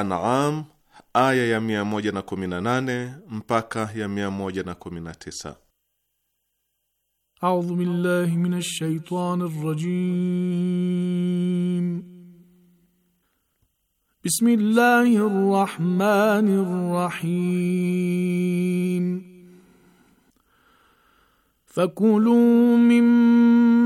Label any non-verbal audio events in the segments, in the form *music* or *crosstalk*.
An'am aya ya 118 mpaka ya 119. A'udhu billahi minash shaitani rrajim. Bismillahir rahmanir rahim. Fakulu mimma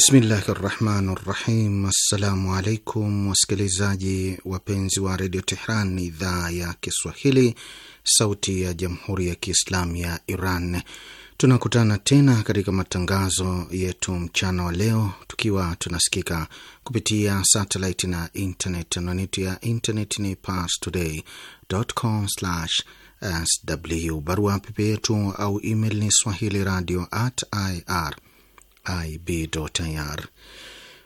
Bismillahi rahmani rahim. Assalamu alaikum wasikilizaji wapenzi wa redio Tehran, idhaa ya Kiswahili, sauti ya jamhuri ya kiislamu ya Iran. Tunakutana tena katika matangazo yetu mchana wa leo, tukiwa tunasikika kupitia satelit na internet. Anwani ya internet ni parstoday.com/sw. Barua pepe yetu au email ni swahili radio at ir IB.ir.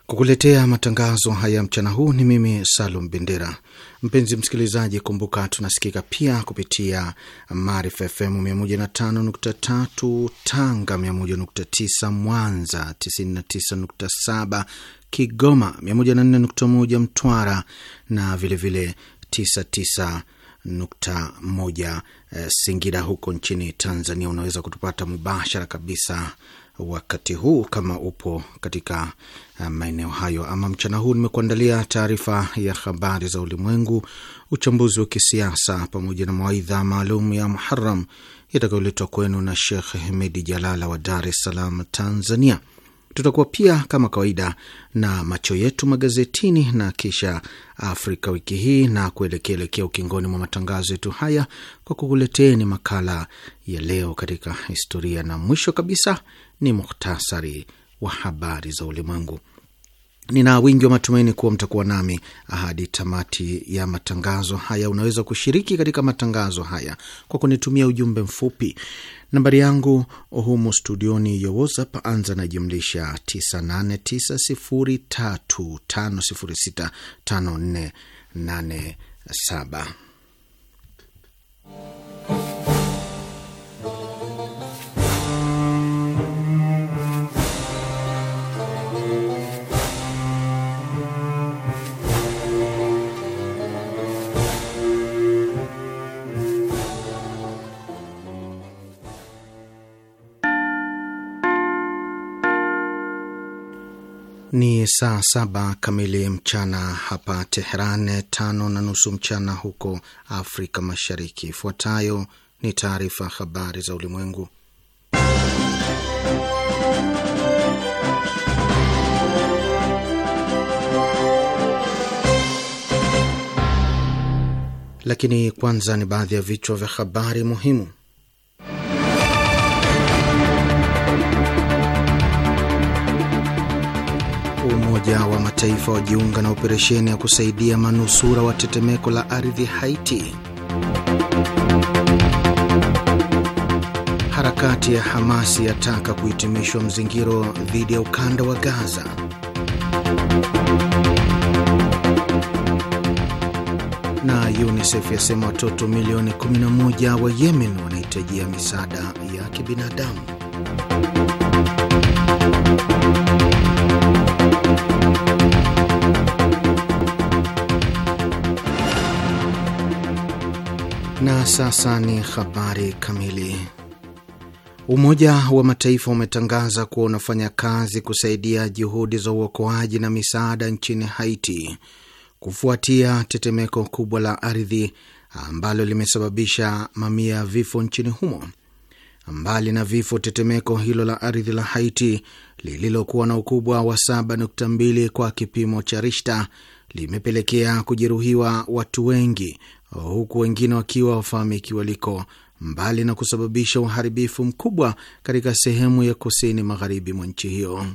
Kukuletea matangazo haya mchana huu ni mimi Salum Bendera. Mpenzi msikilizaji, kumbuka tunasikika pia kupitia Maarifa FM 105.3 Tanga, 101.9 Mwanza, 99.7 Kigoma, 104.1 Mtwara na vilevile 99.1 eh, Singida. Huko nchini Tanzania unaweza kutupata mubashara kabisa wakati huu kama upo katika eh, maeneo hayo. Ama mchana huu nimekuandalia taarifa ya habari za ulimwengu, uchambuzi wa kisiasa, pamoja na mawaidha maalum ya Muharam yatakayoletwa kwenu na Shekh Hemedi Jalala wa Dar es Salaam, Tanzania. Tutakuwa pia kama kawaida na macho yetu magazetini na kisha Afrika wiki hii, na kuelekeelekea ukingoni mwa matangazo yetu haya kwa kukuleteni makala ya leo katika historia, na mwisho kabisa ni muhtasari wa habari za ulimwengu. Nina wingi wa matumaini kuwa mtakuwa nami hadi tamati ya matangazo haya. Unaweza kushiriki katika matangazo haya kwa kunitumia ujumbe mfupi Nambari yangu humu studioni ya WhatsApp anza na jumlisha 989035065487. Ni saa saba kamili mchana hapa Teheran, tano na nusu mchana huko Afrika Mashariki. Ifuatayo ni taarifa habari za ulimwengu, lakini kwanza ni baadhi ya vichwa vya habari muhimu. Umoja wa Mataifa wajiunga na operesheni ya kusaidia manusura wa tetemeko la ardhi Haiti. Harakati ya Hamasi yataka kuhitimishwa mzingiro dhidi ya ukanda wa Gaza. Na UNICEF yasema watoto milioni 11 wa Yemen wanahitajia misaada ya kibinadamu. sasa ni habari kamili. Umoja wa Mataifa umetangaza kuwa unafanya kazi kusaidia juhudi za uokoaji na misaada nchini Haiti kufuatia tetemeko kubwa la ardhi ambalo limesababisha mamia ya vifo nchini humo. Mbali na vifo, tetemeko hilo la ardhi la Haiti lililokuwa na ukubwa wa 7.2 kwa kipimo cha Rishta limepelekea kujeruhiwa watu wengi huku wengine wakiwa wafahamiki waliko, mbali na kusababisha uharibifu mkubwa katika sehemu ya kusini magharibi mwa nchi hiyo.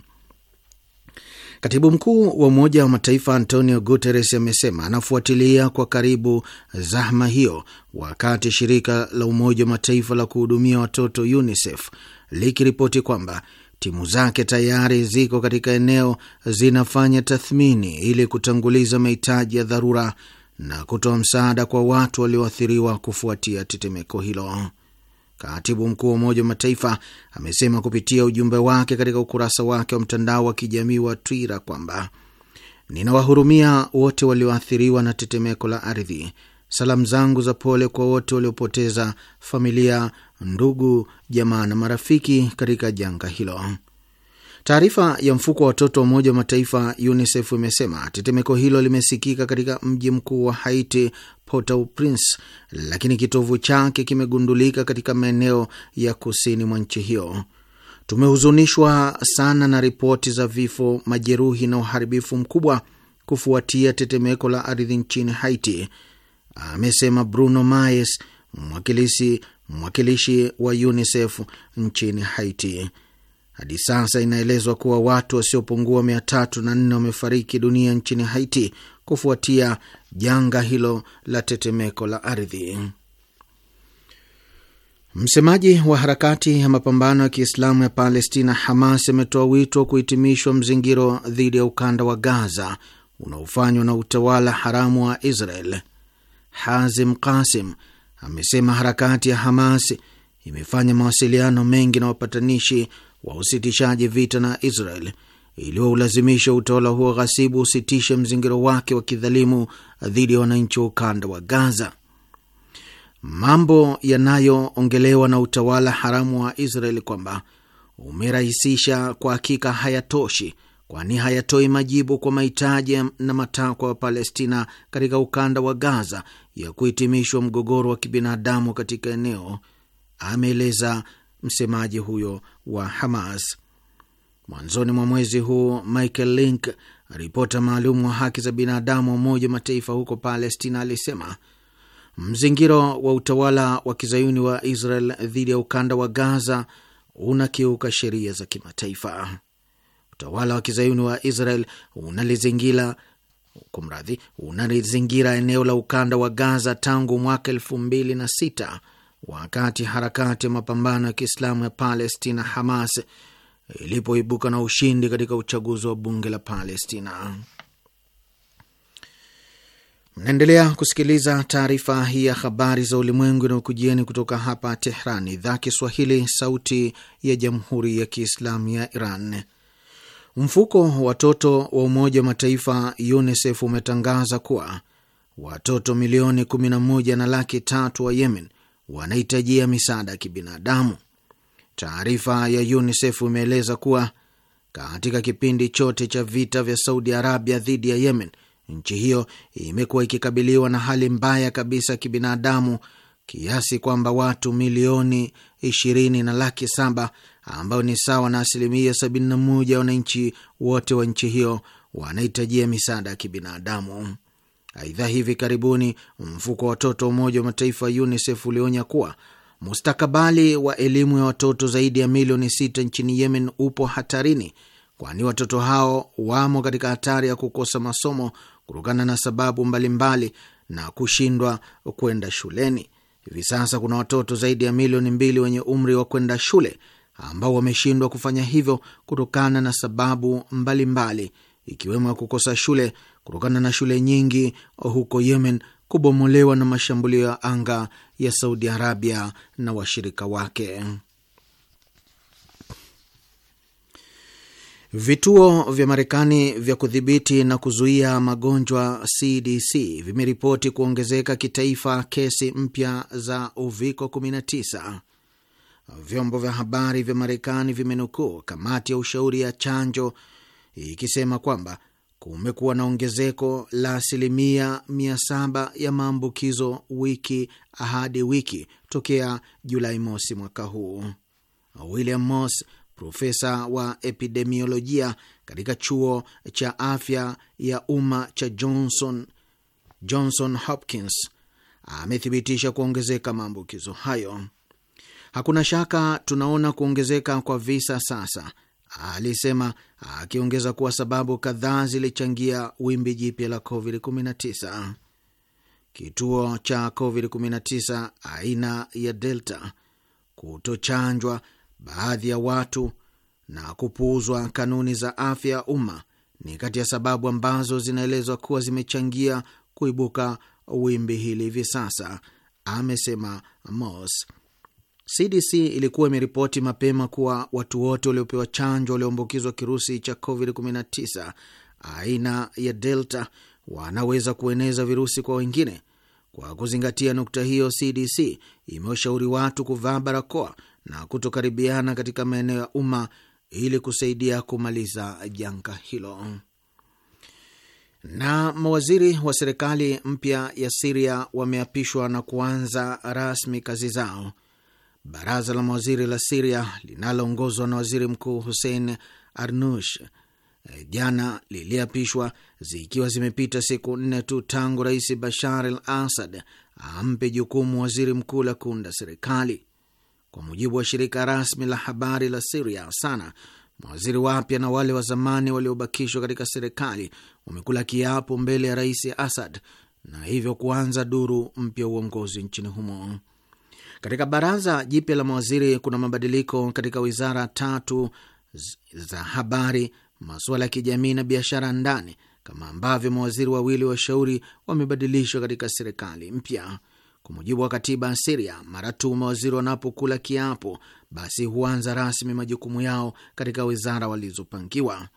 Katibu mkuu wa Umoja wa Mataifa Antonio Guterres amesema anafuatilia kwa karibu zahma hiyo, wakati shirika la Umoja wa Mataifa la kuhudumia watoto UNICEF likiripoti kwamba timu zake tayari ziko katika eneo zinafanya tathmini ili kutanguliza mahitaji ya dharura na kutoa msaada kwa watu walioathiriwa kufuatia tetemeko hilo. Katibu mkuu wa Umoja wa Mataifa amesema kupitia ujumbe wake katika ukurasa wake wa mtandao wa kijamii wa Twitter kwamba ninawahurumia wote walioathiriwa na tetemeko la ardhi. Salamu zangu za pole kwa wote waliopoteza familia, ndugu, jamaa na marafiki katika janga hilo. Taarifa ya mfuko wa watoto wa Umoja wa Mataifa UNICEF imesema tetemeko hilo limesikika katika mji mkuu wa Haiti, Port-au-Prince, lakini kitovu chake kimegundulika katika maeneo ya kusini mwa nchi hiyo. Tumehuzunishwa sana na ripoti za vifo, majeruhi na uharibifu mkubwa kufuatia tetemeko la ardhi nchini Haiti, amesema Bruno Mayes, mwakilishi, mwakilishi wa UNICEF nchini Haiti. Hadi sasa inaelezwa kuwa watu wasiopungua mia tatu na nne wamefariki dunia nchini Haiti kufuatia janga hilo la tetemeko la ardhi. Msemaji wa harakati ya mapambano ya Kiislamu ya Palestina, Hamas, ametoa wito wa kuhitimishwa mzingiro dhidi ya ukanda wa Gaza unaofanywa na utawala haramu wa Israel. Hazim Kasim amesema harakati ya Hamas imefanya mawasiliano mengi na wapatanishi wa usitishaji vita na Israel iliyoulazimisha utawala huo ghasibu usitishe mzingiro wake wa kidhalimu dhidi ya wananchi wa ukanda wa Gaza. Mambo yanayoongelewa na utawala haramu wa Israel kwamba umerahisisha kwa hakika hayatoshi, kwani hayatoi majibu kwa mahitaji na matakwa ya Palestina katika ukanda wa Gaza ya kuhitimishwa mgogoro wa kibinadamu katika eneo, ameeleza msemaji huyo wa Hamas. Mwanzoni mwa mwezi huu, Michael Link, ripota maalum wa haki za binadamu wa Umoja wa Mataifa huko Palestina, alisema mzingiro wa utawala wa kizayuni wa Israel dhidi ya ukanda wa Gaza unakiuka sheria za kimataifa. Utawala wa kizayuni wa Israel unalizingira kumradhi, unalizingira eneo la ukanda wa Gaza tangu mwaka elfu mbili na sita wakati harakati ya mapambano ya Kiislamu ya Palestina Hamas ilipoibuka na ushindi katika uchaguzi wa bunge la Palestina. Mnaendelea kusikiliza taarifa hii ya habari za ulimwengu inayokujieni kutoka hapa Tehran, idhaa Kiswahili, sauti ya jamhuri ya Kiislamu ya Iran. Mfuko wa watoto wa Umoja wa Mataifa UNICEF umetangaza kuwa watoto milioni 11 na laki tatu wa Yemen wanahitajia misaada ya kibinadamu. Taarifa ya UNICEF imeeleza kuwa katika kipindi chote cha vita vya Saudi Arabia dhidi ya Yemen, nchi hiyo imekuwa ikikabiliwa na hali mbaya kabisa ya kibinadamu kiasi kwamba watu milioni ishirini na laki saba ambao ni sawa na asilimia 71 ya wananchi wote wa nchi hiyo wanahitajia misaada ya kibinadamu. Aidha, hivi karibuni mfuko wa watoto wa Umoja wa Mataifa UNICEF ulionya kuwa mustakabali wa elimu ya watoto zaidi ya milioni sita nchini Yemen upo hatarini, kwani watoto hao wamo katika hatari ya kukosa masomo kutokana na sababu mbalimbali mbali na kushindwa kwenda shuleni. Hivi sasa kuna watoto zaidi ya milioni mbili wenye umri wa kwenda shule ambao wameshindwa kufanya hivyo kutokana na sababu mbalimbali mbali, ikiwemo ya kukosa shule, kutokana na shule nyingi huko Yemen kubomolewa na mashambulio ya anga ya Saudi Arabia na washirika wake. Vituo vya Marekani vya kudhibiti na kuzuia magonjwa CDC vimeripoti kuongezeka kitaifa kesi mpya za uviko 19. Vyombo vya habari vya Marekani vimenukuu kamati ya ushauri ya chanjo ikisema kwamba kumekuwa na ongezeko la asilimia 700 ya maambukizo wiki hadi wiki tokea Julai mosi mwaka huu. William Moss, profesa wa epidemiolojia katika chuo cha afya ya umma cha Johnson, Johnson Hopkins, amethibitisha kuongezeka maambukizo hayo. Hakuna shaka tunaona kuongezeka kwa visa sasa alisema akiongeza kuwa sababu kadhaa zilichangia wimbi jipya la COVID-19. Kituo cha COVID-19 aina ya Delta, kutochanjwa baadhi ya watu na kupuuzwa kanuni za afya ya umma ni kati ya sababu ambazo zinaelezwa kuwa zimechangia kuibuka wimbi hili hivi sasa, amesema Moss. CDC ilikuwa imeripoti mapema kuwa watu wote waliopewa chanjo walioambukizwa kirusi cha COVID-19 aina ya Delta wanaweza kueneza virusi kwa wengine. Kwa kuzingatia nukta hiyo, CDC imewashauri watu kuvaa barakoa na kutokaribiana katika maeneo ya umma ili kusaidia kumaliza janga hilo. Na mawaziri wa serikali mpya ya Siria wameapishwa na kuanza rasmi kazi zao. Baraza la mawaziri la Siria linaloongozwa na waziri mkuu Hussein Arnush eh, jana liliapishwa zikiwa zimepita siku nne tu tangu rais Bashar al Assad ampe jukumu waziri mkuu la kuunda serikali. Kwa mujibu wa shirika rasmi la habari la Siria Sana, mawaziri wapya na wale wa zamani waliobakishwa katika serikali wamekula kiapo mbele ya rais Assad na hivyo kuanza duru mpya uongozi nchini humo. Katika baraza jipya la mawaziri kuna mabadiliko katika wizara tatu za habari, masuala ya kijamii na biashara ndani, kama ambavyo mawaziri wawili washauri wamebadilishwa katika serikali mpya. Kwa mujibu wa katiba ya Siria, mara tu mawaziri wanapokula kiapo, basi huanza rasmi majukumu yao katika wizara walizopangiwa.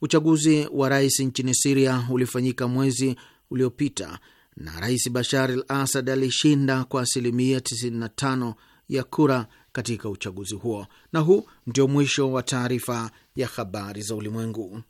Uchaguzi wa rais nchini Siria ulifanyika mwezi uliopita na Rais Bashar al Asad alishinda kwa asilimia 95 ya kura katika uchaguzi huo. Na huu ndio mwisho wa taarifa ya habari za ulimwengu.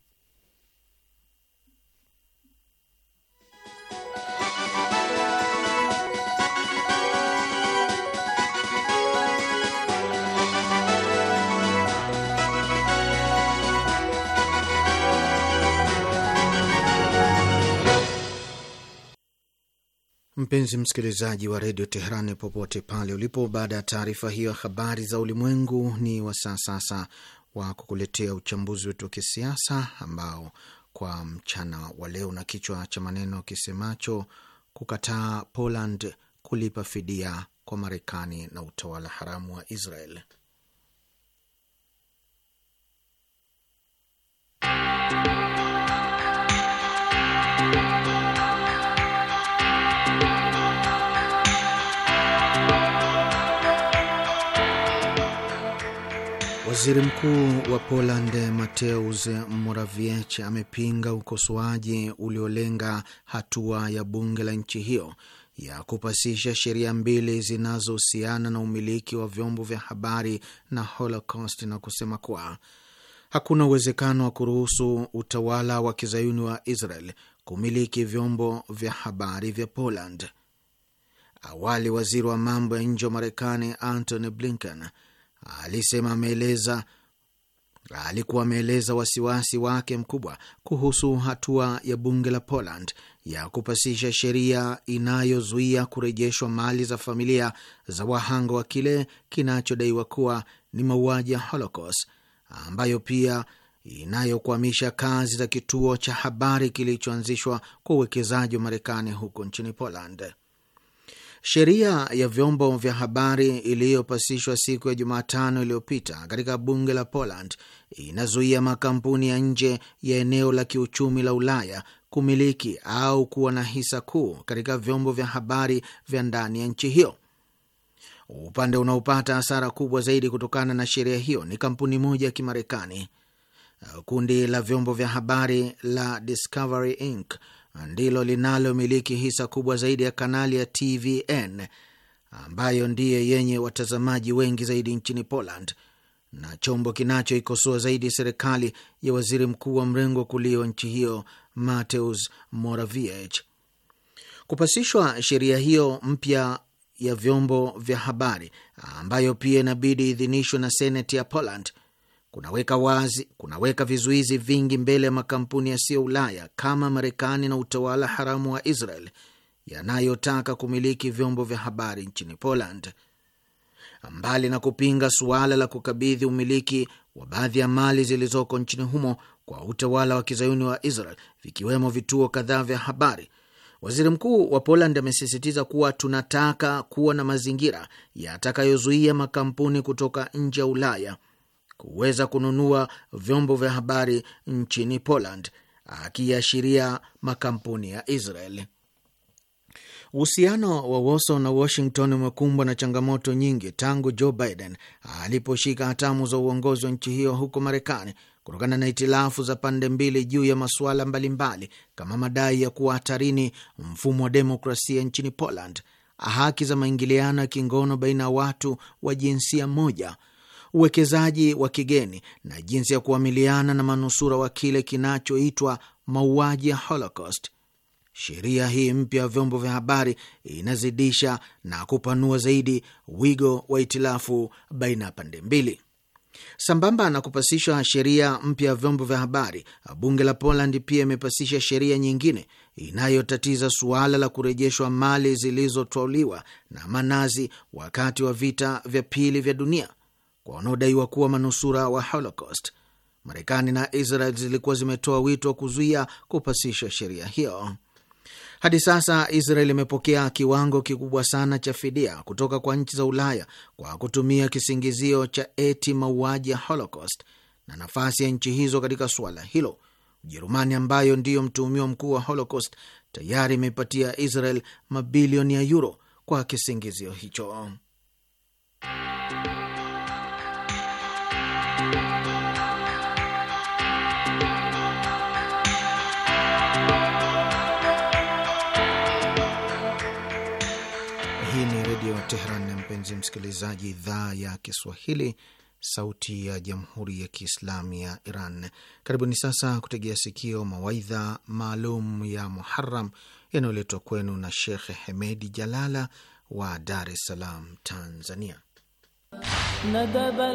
Mpenzi msikilizaji wa redio Teherani, popote pale ulipo, baada ya taarifa hiyo ya habari za ulimwengu, ni wasaa sasa wa kukuletea uchambuzi wetu wa kisiasa ambao kwa mchana wa leo na kichwa cha maneno kisemacho kukataa Poland kulipa fidia kwa Marekani na utawala haramu wa Israel. Waziri Mkuu wa Poland Mateusz Morawiecki amepinga ukosoaji uliolenga hatua ya bunge la nchi hiyo ya kupasisha sheria mbili zinazohusiana na umiliki wa vyombo vya habari na Holocaust na kusema kuwa hakuna uwezekano wa kuruhusu utawala wa kizayuni wa Israel kumiliki vyombo vya habari vya Poland. Awali waziri wa mambo ya nje wa Marekani Antony Blinken alisema ameeleza alikuwa ameeleza wasiwasi wake mkubwa kuhusu hatua ya bunge la Poland ya kupasisha sheria inayozuia kurejeshwa mali za familia za wahanga wa kile kinachodaiwa kuwa ni mauaji ya Holocaust, ambayo pia inayokwamisha kazi za kituo cha habari kilichoanzishwa kwa uwekezaji wa Marekani huko nchini Poland. Sheria ya vyombo vya habari iliyopasishwa siku ya Jumatano iliyopita katika bunge la Poland inazuia makampuni ya nje ya eneo la kiuchumi la Ulaya kumiliki au kuwa na hisa kuu katika vyombo vya habari vya ndani ya nchi hiyo. Upande unaopata hasara kubwa zaidi kutokana na sheria hiyo ni kampuni moja ya Kimarekani. Kundi la vyombo vya habari la Discovery Inc ndilo linalomiliki hisa kubwa zaidi ya kanali ya TVN ambayo ndiye yenye watazamaji wengi zaidi nchini Poland na chombo kinachoikosoa zaidi serikali ya waziri mkuu wa mrengo kulio nchi hiyo Mateusz Morawiecki. Kupasishwa sheria hiyo mpya ya vyombo vya habari ambayo pia inabidi idhinishwe na seneti ya Poland kunaweka wazi, kunaweka vizuizi vingi mbele ya makampuni yasiyo Ulaya kama Marekani na utawala haramu wa Israel yanayotaka kumiliki vyombo vya habari nchini Poland. Mbali na kupinga suala la kukabidhi umiliki wa baadhi ya mali zilizoko nchini humo kwa utawala wa kizayuni wa Israel, vikiwemo vituo kadhaa vya habari, waziri mkuu wa Poland amesisitiza kuwa tunataka kuwa na mazingira yatakayozuia makampuni kutoka nje ya Ulaya kuweza kununua vyombo vya habari nchini Poland, akiashiria makampuni ya Israel. Uhusiano wa Warsaw na Washington umekumbwa na changamoto nyingi tangu Joe Biden aliposhika hatamu za uongozi wa nchi hiyo huko Marekani, kutokana na itilafu za pande mbili juu ya masuala mbalimbali kama madai ya kuwa hatarini mfumo wa demokrasia nchini Poland, haki za maingiliano ya kingono baina ya watu wa jinsia moja uwekezaji wa kigeni na jinsi ya kuamiliana na manusura wa kile kinachoitwa mauaji ya Holocaust. Sheria hii mpya ya vyombo vya habari inazidisha na kupanua zaidi wigo wa itilafu baina ya pande mbili. Sambamba na kupasishwa sheria mpya ya vyombo vya habari, bunge la Poland pia imepasisha sheria nyingine inayotatiza suala la kurejeshwa mali zilizotwauliwa na manazi wakati wa vita vya pili vya dunia kwa wanaodaiwa kuwa manusura wa Holocaust. Marekani na Israel zilikuwa zimetoa wito wa kuzuia kupasisha sheria hiyo. Hadi sasa Israel imepokea kiwango kikubwa sana cha fidia kutoka kwa nchi za Ulaya kwa kutumia kisingizio cha eti mauaji ya Holocaust na nafasi ya nchi hizo katika suala hilo. Ujerumani, ambayo ndiyo mtuhumiwa mkuu wa Holocaust, tayari imeipatia Israel mabilioni ya yuro kwa kisingizio hicho. Redio Teheran. Na mpenzi msikilizaji, idhaa ya Kiswahili, sauti ya jamhuri ya kiislamu ya Iran, karibuni sasa kutegea sikio mawaidha maalum ya Muharam yanayoletwa kwenu na shekhe Hemedi Jalala wa Dar es Salaam, Tanzania. ندب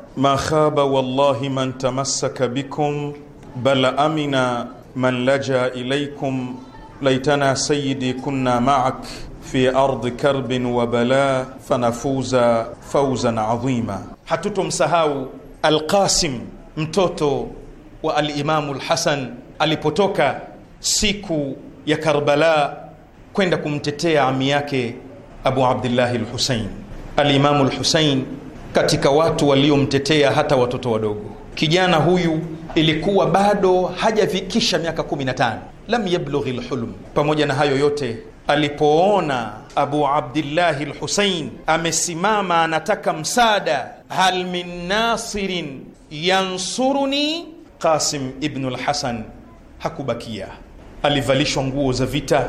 ma khaba wallahi man tamassaka bikum bal amina man laja ilaykum laitana sayyidi kunna ma'ak fi ardi karbin wa bala fanafuza fawzan adhima. Hatutomsahau Alqasim mtoto wa Alimamu Lhasan alipotoka siku ya Karbala kwenda kumtetea ami yake Abu Abdillahi Lhusain. Alimamu Lhusain katika watu waliomtetea hata watoto wadogo. Kijana huyu ilikuwa bado hajafikisha miaka 15, lam yablughi lhulm. Pamoja na hayo yote, alipoona Abu Abdillahi lhusein amesimama anataka msaada, hal min nasirin yansuruni, Qasim ibnu Lhasan hakubakia. Alivalishwa nguo za vita,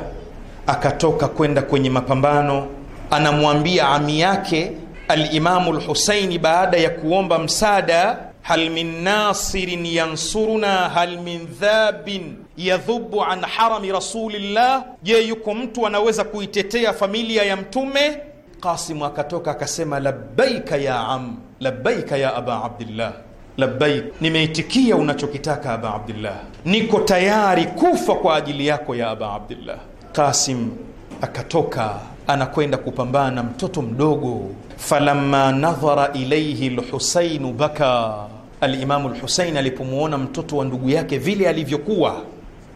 akatoka kwenda kwenye mapambano. Anamwambia ami yake Alimamu Lhusaini baada ya kuomba msaada, hal min nasirin yansuruna hal min dhabin yadhubu an harami rasulillah, je, yuko mtu anaweza kuitetea familia ya Mtume? Qasimu akatoka akasema, labbaika ya am, labbaika ya aba abdillah Labbaik, nimeitikia unachokitaka aba Abdillah, niko tayari kufa kwa ajili yako ya aba Abdillah. Qasim akatoka anakwenda kupambana na mtoto mdogo falamma nadhara ilaihi lhusainu baka, alimamu Lhusain alipomwona mtoto wa ndugu yake vile alivyokuwa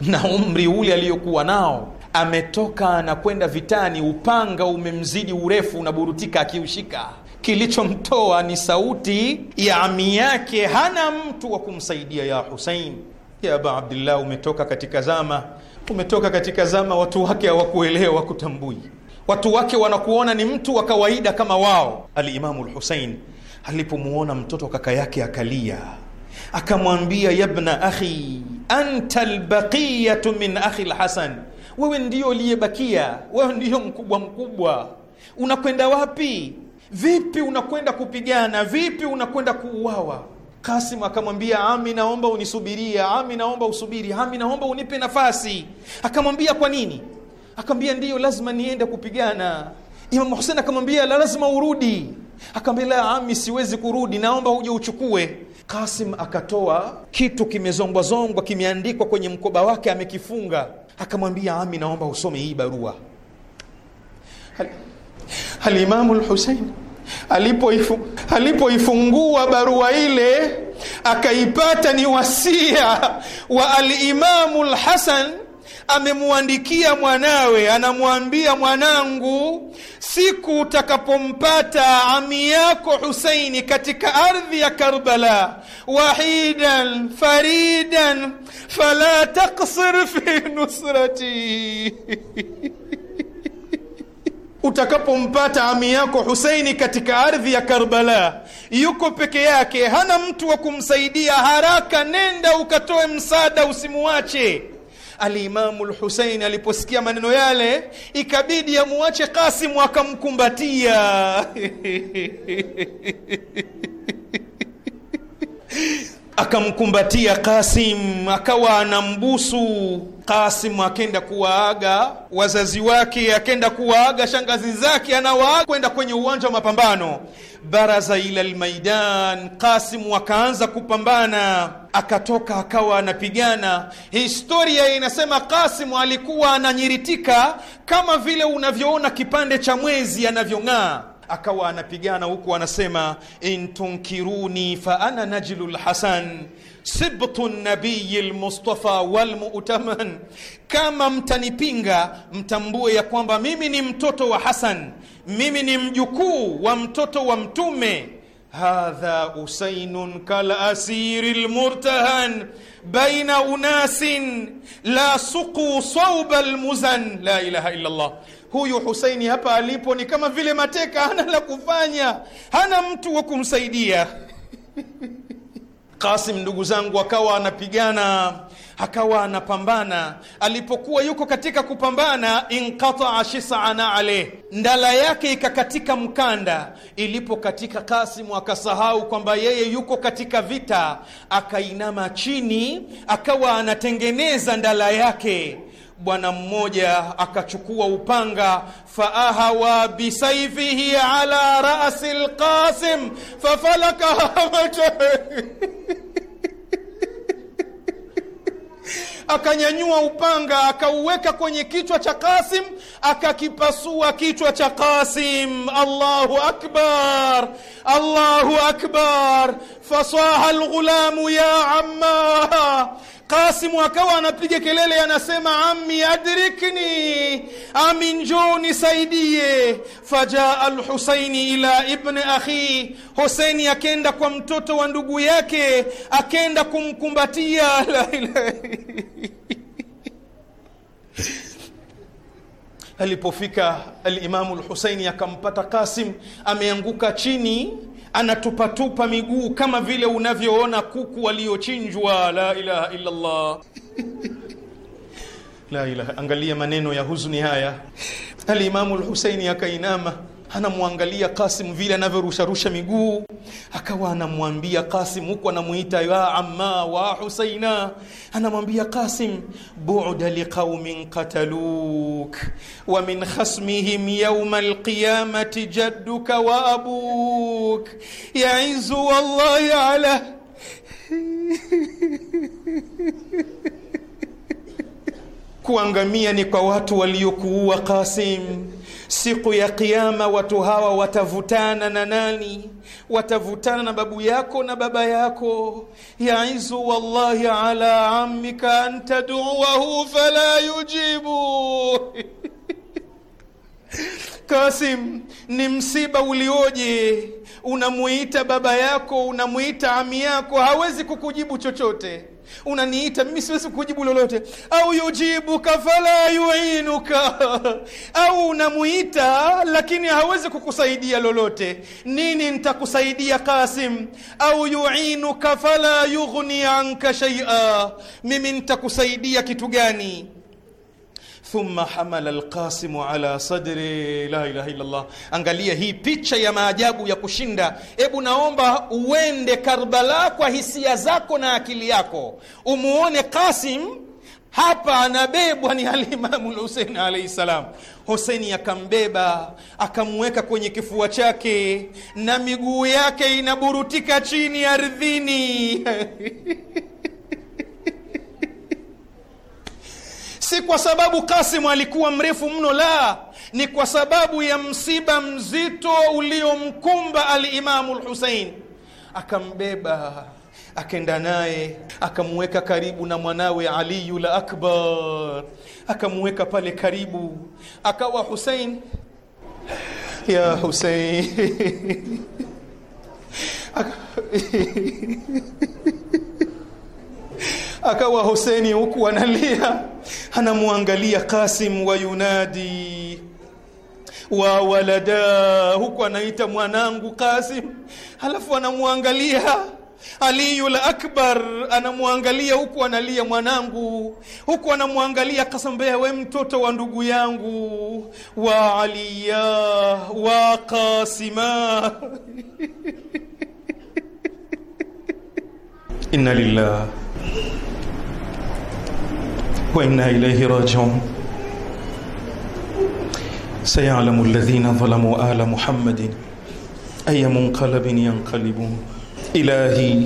na umri ule aliyokuwa nao, ametoka na kwenda vitani, upanga umemzidi urefu, unaburutika akiushika. Kilichomtoa ni sauti ya ami yake, hana mtu wa kumsaidia. Ya husein ya aba Abdillah, umetoka katika zama, umetoka katika zama watu wake hawakuelewa, kutambui watu wake wanakuona ni mtu wa kawaida kama wao. Alimamu Lhusein alipomuona mtoto kaka yake akalia, akamwambia yabna akhi anta lbaqiyatu min akhi lhasan, wewe ndio uliyebakia, wewe ndio mkubwa mkubwa. Unakwenda wapi? Vipi unakwenda kupigana? Vipi unakwenda kuuawa? Kasim akamwambia ami, naomba unisubiria. Ami, naomba usubiri. Ami, naomba unipe nafasi. Akamwambia kwa nini? akamwambia ndiyo, lazima niende kupigana. Imam Hussein akamwambia la, lazima urudi. Akamwambia la, ami, siwezi kurudi, naomba uje uchukue. Kasim akatoa kitu kimezongwazongwa, kimeandikwa kwenye mkoba wake, amekifunga. Akamwambia ami, naomba usome hii barua. Alimamu Lhusein alipoifungua alipo barua ile akaipata ni wasia wa Alimamu Lhasan amemwandikia mwanawe, anamwambia mwanangu, siku utakapompata ami yako Husaini katika ardhi ya Karbala, wahidan faridan, fala taksir fi *laughs* nusrati *laughs* utakapompata ami yako Husaini katika ardhi ya Karbala, yuko peke yake, hana mtu wa kumsaidia, haraka nenda ukatoe msaada, usimuache. Alimamu Lhusein aliposikia maneno yale, ikabidi amuache Kasimu akamkumbatia *laughs* akamkumbatia Kasim akawa anambusu Kasim. Akenda kuwaaga wazazi wake, akenda kuwaaga shangazi zake, anawaaga kwenda kwenye uwanja wa mapambano baraza ila lmaidan, Kasim akaanza kupambana, akatoka akawa anapigana. Historia inasema Kasim alikuwa ananyiritika kama vile unavyoona kipande cha mwezi anavyong'aa akawa anapigana huku anasema, intunkiruni fa ana najlu lhasan sibtu nabiyi lmustafa walmutaman, kama mtanipinga mtambue ya kwamba mimi ni mtoto wa Hasan, mimi ni mjukuu wa mtoto wa Mtume. Hadha usainun kalasiri lmurtahan baina unasin la suquu sauba lmuzan. La ilaha illa Allah huyu Husaini hapa alipo ni kama vile mateka, hana la kufanya, hana mtu wa kumsaidia Qasim, ndugu zangu, akawa anapigana akawa anapambana. Alipokuwa yuko katika kupambana, inqataa shisana aleh, ndala yake ikakatika mkanda. Ilipokatika, Kasimu akasahau kwamba yeye yuko katika vita, akainama chini, akawa anatengeneza ndala yake bwana mmoja akachukua upanga, faahawa bisaifihi ala rasi lqasim fafalaka *laughs* akanyanyua upanga akauweka kwenye kichwa cha kasim akakipasua kichwa cha Qasim. Allahu akbar, Allahu akbar! fasaha lghulamu ya amma Kasimu akawa anapiga kelele, anasema ammi adrikni, ami njoo nisaidie. Fajaa Alhusaini ila ibni akhi, Husaini akenda kwa mtoto wa ndugu yake, akenda kumkumbatia. *laughs* La alipofika Alimamu Lhusaini akampata Kasim ameanguka chini anatupatupa miguu kama vile unavyoona kuku waliochinjwa. La ilaha illa Allah. La ilaha. Angalia maneno ya huzuni haya. Alimamu Lhuseini akainama anamwangalia Kasim vile anavyorusharusha miguu, akawa anamwambia Kasim, huku anamuita ya amma wa Husaina, anamwambia Kasim, bu'da liqaumin qataluk wa min khasmihim yawma alqiyamati jadduka wa abuk yaizu wallahi ala *laughs* kuangamia ni kwa watu waliokuua Kasim siku ya Kiama watu hawa watavutana na nani? Watavutana na babu yako na baba yako. Yaizu wallahi ala amika an tad'uahu fala yujibu *laughs* Kasim, ni msiba ulioje! unamwita baba yako, unamwita ami yako, hawezi kukujibu chochote unaniita mimi siwezi kujibu lolote au yujibuka fala yuinuka au unamuita lakini hawezi kukusaidia lolote nini nitakusaidia kasim au yuinuka fala yughni anka shaia mimi nitakusaidia kitu gani thumma hamala alqasimu ala sadri la ilaha illa Allah. Angalia hii picha ya maajabu ya kushinda. Ebu naomba uende Karbala kwa hisia zako na akili yako, umuone Qasim hapa anabebwa ni alimamu Lhusein alaihi salam. Huseini akambeba akamweka kwenye kifua chake na miguu yake inaburutika chini ardhini *laughs* si kwa sababu Kasimu alikuwa mrefu mno, la, ni kwa sababu ya msiba mzito uliomkumba alimamu Lhusein. Akambeba, akenda naye, akamweka karibu na mwanawe Aliyul Akbar, akamweka pale karibu, akawa Husein ya Husein *laughs* *laughs* akawa Hussein huku analia anamwangalia Kasim wa yunadi wa walada huku anaita mwanangu Kasim halafu anamwangalia Aliyu la Akbar anamwangalia huku analia mwanangu, huku anamwangalia Kasambea, we mtoto wa ndugu yangu wa Aliya wa Kasima *laughs* inna lillah وإنا إليه راجعون سيعلم الذين ظلموا آل محمد أي منقلب ينقلبون إلهي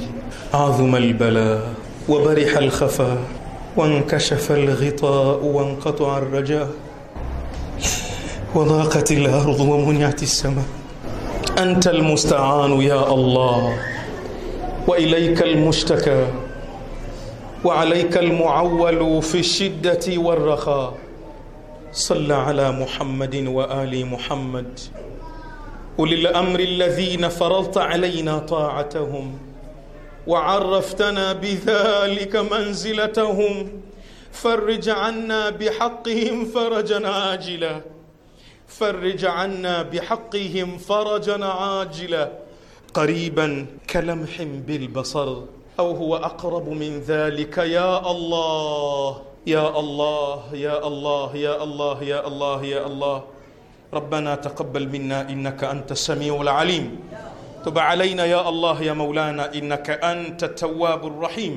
عظم البلاء وبرح الخفاء وانكشف الغطاء وانقطع الرجاء وضاقت الأرض ومنعت السماء أنت المستعان يا الله وإليك المشتكى وعليك المعول في الشدة والرخاء صل على محمد وآل محمد أولي الأمر الذين فرضت علينا طاعتهم وعرفتنا بذلك منزلتهم فرج عنا بحقهم فرجا عاجلا فرج عنا بحقهم فرجا عاجلا قريبا كلمح بالبصر أو هو أقرب من ذلك يا الله يا الله يا الله يا الله يا الله يا الله ربنا تقبل منا إنك أنت السميع العليم تب علينا يا الله يا مولانا إنك أنت التواب الرحيم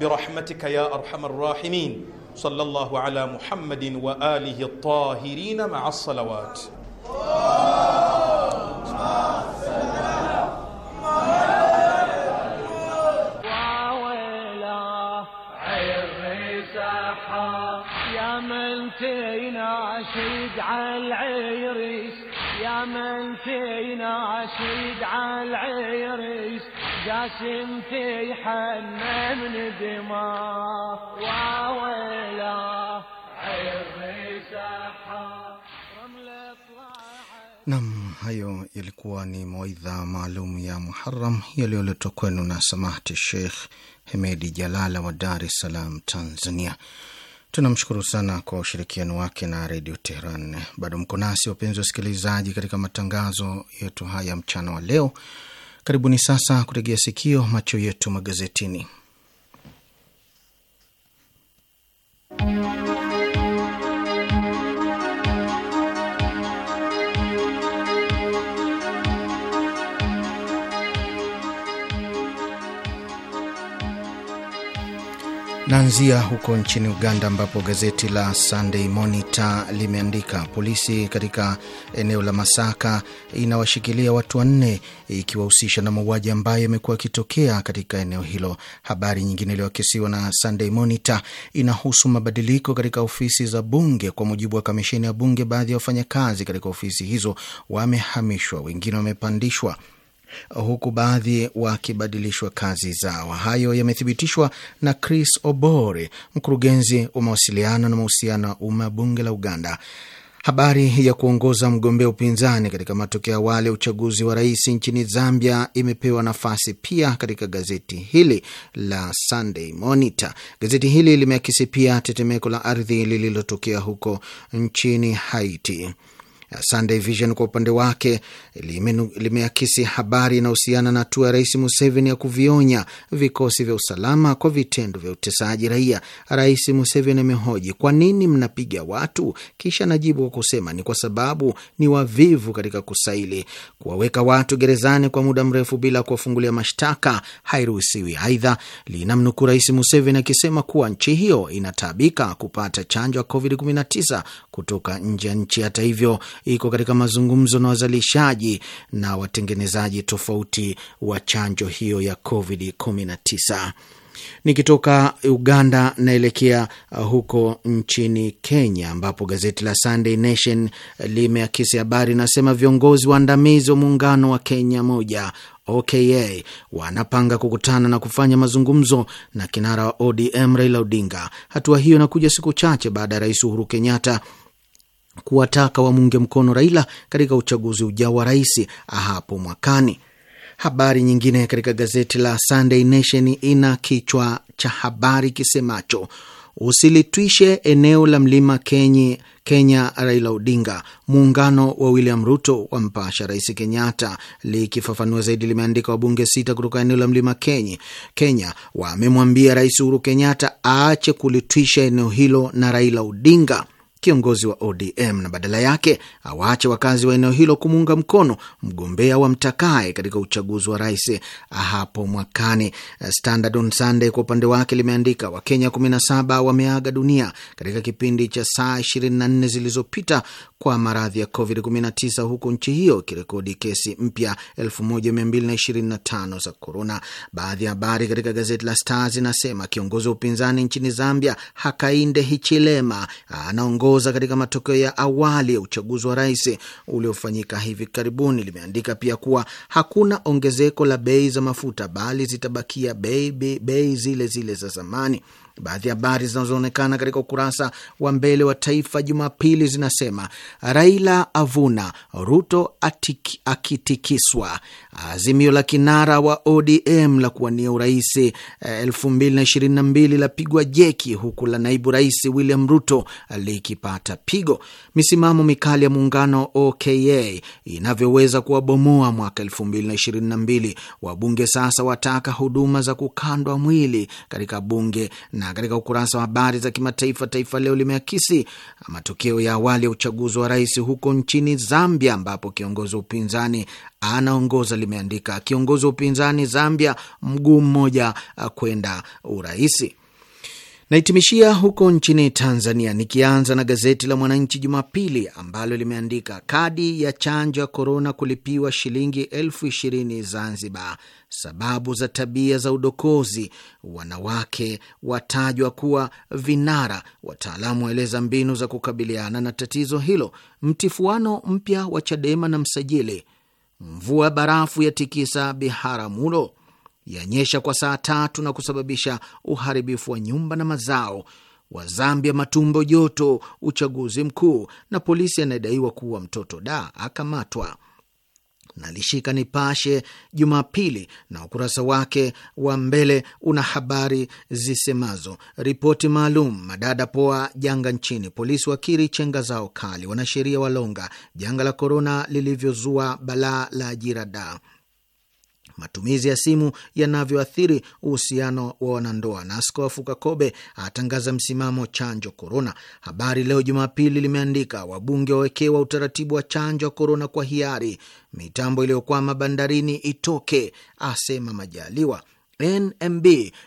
برحمتك يا أرحم الراحمين صلى الله على محمد وآله الطاهرين مع الصلوات فينا شيد على العريس يا من فينا شيد على العريس جاسم في حنا من دماء وويلا عريس Nam, hayo yalikuwa ni mawaidha maalum ya Muharam yaliyoletwa kwenu na samahati Sheikh Hemedi Jalala wa Dar es Salaam, Tanzania. Tunamshukuru sana kwa ushirikiano wake na redio Teheran. Bado mko nasi wapenzi wa usikilizaji katika matangazo yetu haya mchana wa leo. Karibuni sasa kutegea sikio macho yetu magazetini Naanzia huko nchini Uganda ambapo gazeti la Sunday Monitor limeandika polisi katika eneo la Masaka inawashikilia watu wanne ikiwahusisha na mauaji ambayo yamekuwa yakitokea katika eneo hilo. Habari nyingine iliyoakisiwa na Sunday Monitor inahusu mabadiliko katika ofisi za Bunge. Kwa mujibu wa kamisheni ya Bunge, baadhi ya wafanyakazi katika ofisi hizo wamehamishwa, wengine wamepandishwa huku baadhi wakibadilishwa kazi zao. Hayo yamethibitishwa na Chris Obore, mkurugenzi wa mawasiliano na mahusiano ya umma, bunge la Uganda. Habari ya kuongoza mgombea upinzani katika matokeo awali ya uchaguzi wa rais nchini Zambia imepewa nafasi pia katika gazeti hili la Sunday Monitor. Gazeti hili limeakisi pia tetemeko la ardhi lililotokea huko nchini Haiti. Sunday Vision kwa upande wake limeakisi lime habari inahusiana na hatua ya Rais Museveni ya kuvionya vikosi vya usalama kwa vitendo vya utesaji raia. Rais Museveni amehoji kwa nini mnapiga watu, kisha najibu kwa kusema ni kwa sababu ni wavivu katika kusaili. Kuwaweka watu gerezani kwa muda mrefu bila kuwafungulia mashtaka hairuhusiwi. Aidha, linamnukuu Rais Museveni akisema kuwa nchi hiyo inataabika kupata chanjo ya COVID-19 kutoka nje ya nchi. Hata hivyo iko katika mazungumzo na wazalishaji na watengenezaji tofauti wa chanjo hiyo ya COVID-19. Nikitoka Uganda naelekea uh, huko nchini Kenya, ambapo gazeti la Sunday Nation limeakisi habari inasema viongozi waandamizi wa muungano wa Kenya moja OKA wanapanga kukutana na kufanya mazungumzo na kinara wa ODM Raila Odinga. Hatua hiyo inakuja siku chache baada ya rais Uhuru Kenyatta kuwataka wamunge mkono Raila katika uchaguzi ujao wa rais hapo mwakani. Habari nyingine katika gazeti la Sunday Nation ina kichwa cha habari kisemacho usilitwishe eneo la mlima Kenya, Kenya Raila Odinga, muungano wa William Ruto wampasha Rais Kenyatta. Likifafanua zaidi, limeandika wabunge sita kutoka eneo la mlima Kenya, Kenya wamemwambia Rais Uhuru Kenyatta aache kulitwisha eneo hilo na Raila Odinga kiongozi wa ODM na badala yake awaache wakazi wa eneo hilo kumuunga mkono mgombea wa mtakae katika uchaguzi wa rais hapo mwakani. Standard on Sunday kwa upande wake limeandika Wakenya 17 wameaga dunia katika kipindi cha saa 24 zilizopita kwa maradhi ya COVID-19 huku nchi hiyo ikirekodi kesi mpya 1225 za korona. Baadhi ya habari katika gazeti la Star zinasema kiongozi wa upinzani nchini Zambia Hakainde Hichilema anaongoza kuongoza katika matokeo ya awali ya uchaguzi wa rais uliofanyika hivi karibuni. Limeandika pia kuwa hakuna ongezeko la bei za mafuta, bali zitabakia bei, bei, bei zile zile za zamani. Baadhi ya habari zinazoonekana katika ukurasa wa mbele wa Taifa Jumapili zinasema Raila avuna, Ruto atiki, akitikiswa, Azimio la kinara wa ODM la kuwania urais 2022 eh, pigwa jeki, huku la naibu rais William Ruto likipata pigo. Misimamo mikali ya muungano OKA inavyoweza kuwabomoa mwaka 2022. Wabunge sasa wataka huduma za kukandwa mwili katika bunge. Na katika ukurasa wa habari za kimataifa, Taifa Leo limeakisi matokeo ya awali ya uchaguzi wa rais huko nchini Zambia, ambapo kiongozi wa upinzani anaongoza, limeandika. Kiongozi wa upinzani Zambia mguu mmoja uh, kwenda uraisi. Naitimishia huko nchini Tanzania, nikianza na gazeti la Mwananchi Jumapili ambalo limeandika kadi ya chanjo ya korona kulipiwa shilingi elfu ishirini Zanzibar, sababu za tabia za udokozi, wanawake watajwa kuwa vinara, wataalamu waeleza mbinu za kukabiliana na tatizo hilo, mtifuano mpya wa Chadema na msajili Mvua barafu ya tikisa Biharamulo yanyesha kwa saa tatu na kusababisha uharibifu wa nyumba na mazao. Wa Zambia matumbo joto uchaguzi mkuu, na polisi anayedaiwa kuua mtoto da akamatwa nalishika Nipashe Jumapili na ukurasa wake wa mbele una habari zisemazo: ripoti maalum, madada poa janga nchini, polisi wakiri chenga zao kali, wanasheria walonga, janga la korona lilivyozua balaa la ajira da matumizi ya simu yanavyoathiri uhusiano wa wanandoa, na Askofu Kakobe atangaza msimamo chanjo korona. Habari Leo Jumapili limeandika wabunge wawekewa utaratibu wa chanjo ya korona kwa hiari, mitambo iliyokwama bandarini itoke, asema Majaliwa. NMB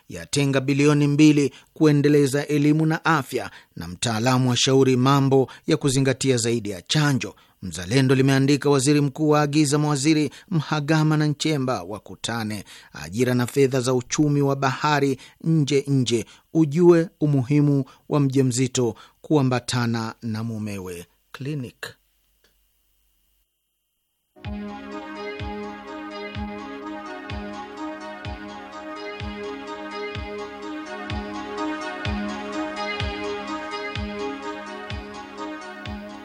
yatenga bilioni mbili kuendeleza elimu na afya, na mtaalamu wa shauri mambo ya kuzingatia zaidi ya chanjo. Mzalendo limeandika waziri mkuu waagiza mawaziri Mhagama na Nchemba wakutane. Ajira na fedha za uchumi wa bahari nje nje, ujue umuhimu wa mjamzito kuambatana na mumewe. Clinic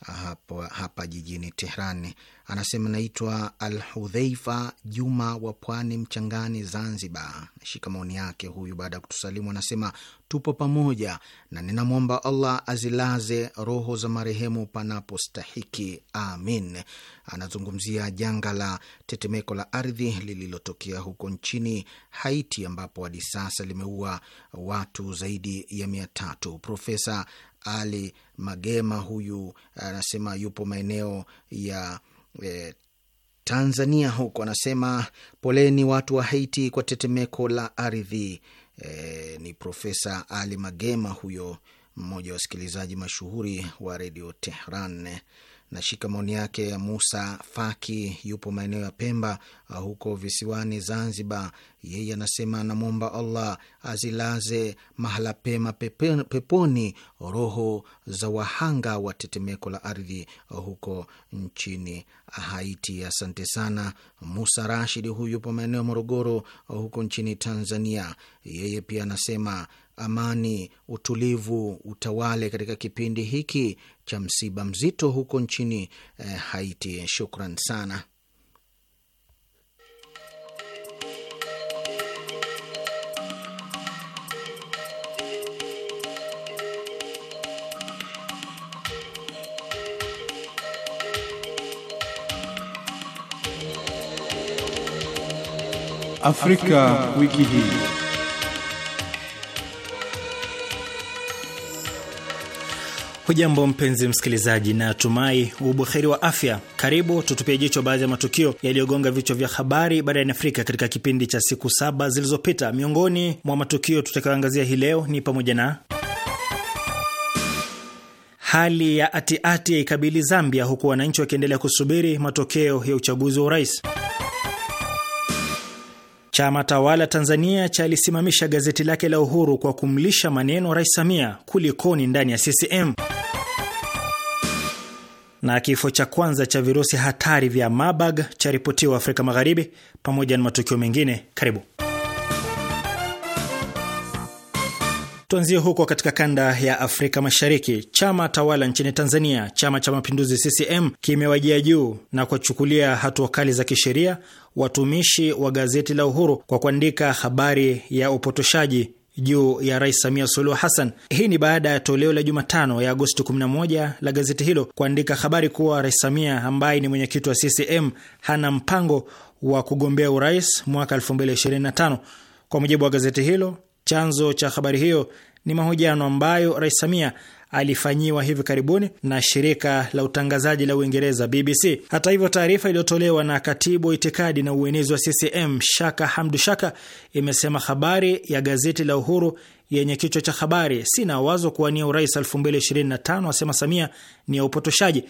hapa, hapa jijini Tehran. Anasema naitwa Al Hudheifa Juma wa Pwani Mchangani, Zanzibar. Nashika maoni yake huyu baada ya kutusalimu, anasema tupo pamoja na ninamwomba Allah azilaze roho za marehemu panapostahiki, amin. Anazungumzia janga la tetemeko la ardhi lililotokea huko nchini Haiti, ambapo hadi sasa limeua watu zaidi ya mia tatu. Profesa ali Magema huyu anasema yupo maeneo ya e, Tanzania huko, anasema poleni watu wa Haiti kwa tetemeko la ardhi. E, ni Profesa Ali Magema huyo, mmoja wa wasikilizaji mashuhuri wa redio Tehran. Nashika maoni yake Musa Faki, yupo maeneo ya Pemba uh, huko visiwani Zanzibar. Yeye anasema anamwomba Allah azilaze mahala pema peponi roho za wahanga wa tetemeko la ardhi uh, huko nchini Haiti. Asante sana Musa Rashid, huyu yupo maeneo ya Morogoro uh, huko nchini Tanzania. Yeye pia anasema amani, utulivu utawale katika kipindi hiki cha msiba mzito huko nchini eh, Haiti. Shukran sana. Afrika, Afrika wiki hii. Hujambo mpenzi msikilizaji, na tumai ubuheri wa afya. Karibu tutupie jicho baadhi ya matukio yaliyogonga vichwa vya habari barani Afrika katika kipindi cha siku saba zilizopita. Miongoni mwa matukio tutakayoangazia hii leo ni pamoja na hali ya atiati yaikabili Zambia, huku wananchi wakiendelea kusubiri matokeo ya uchaguzi wa urais. Chama tawala Tanzania chalisimamisha gazeti lake la Uhuru kwa kumlisha maneno Rais Samia. Kulikoni ndani ya CCM? na kifo cha kwanza cha virusi hatari vya Marburg cha ripotiwa Afrika Magharibi, pamoja na matukio mengine. Karibu tuanzie huko katika kanda ya Afrika Mashariki. Chama tawala nchini Tanzania, Chama cha Mapinduzi CCM, kimewajia juu na kuwachukulia hatua kali za kisheria watumishi wa gazeti la Uhuru kwa kuandika habari ya upotoshaji juu ya Rais Samia Suluhu Hassan. Hii ni baada ya toleo la Jumatano ya Agosti 11 la gazeti hilo kuandika habari kuwa Rais Samia ambaye ni mwenyekiti wa CCM hana mpango wa kugombea urais mwaka 2025. Kwa mujibu wa gazeti hilo, chanzo cha habari hiyo ni mahojiano ambayo Rais Samia alifanyiwa hivi karibuni na shirika la utangazaji la Uingereza BBC. Hata hivyo, taarifa iliyotolewa na katibu wa itikadi na uenezi wa CCM Shaka Hamdu Shaka imesema habari ya gazeti la Uhuru yenye kichwa cha habari sina wazo kuwania urais 2025 asema Samia ni ya upotoshaji.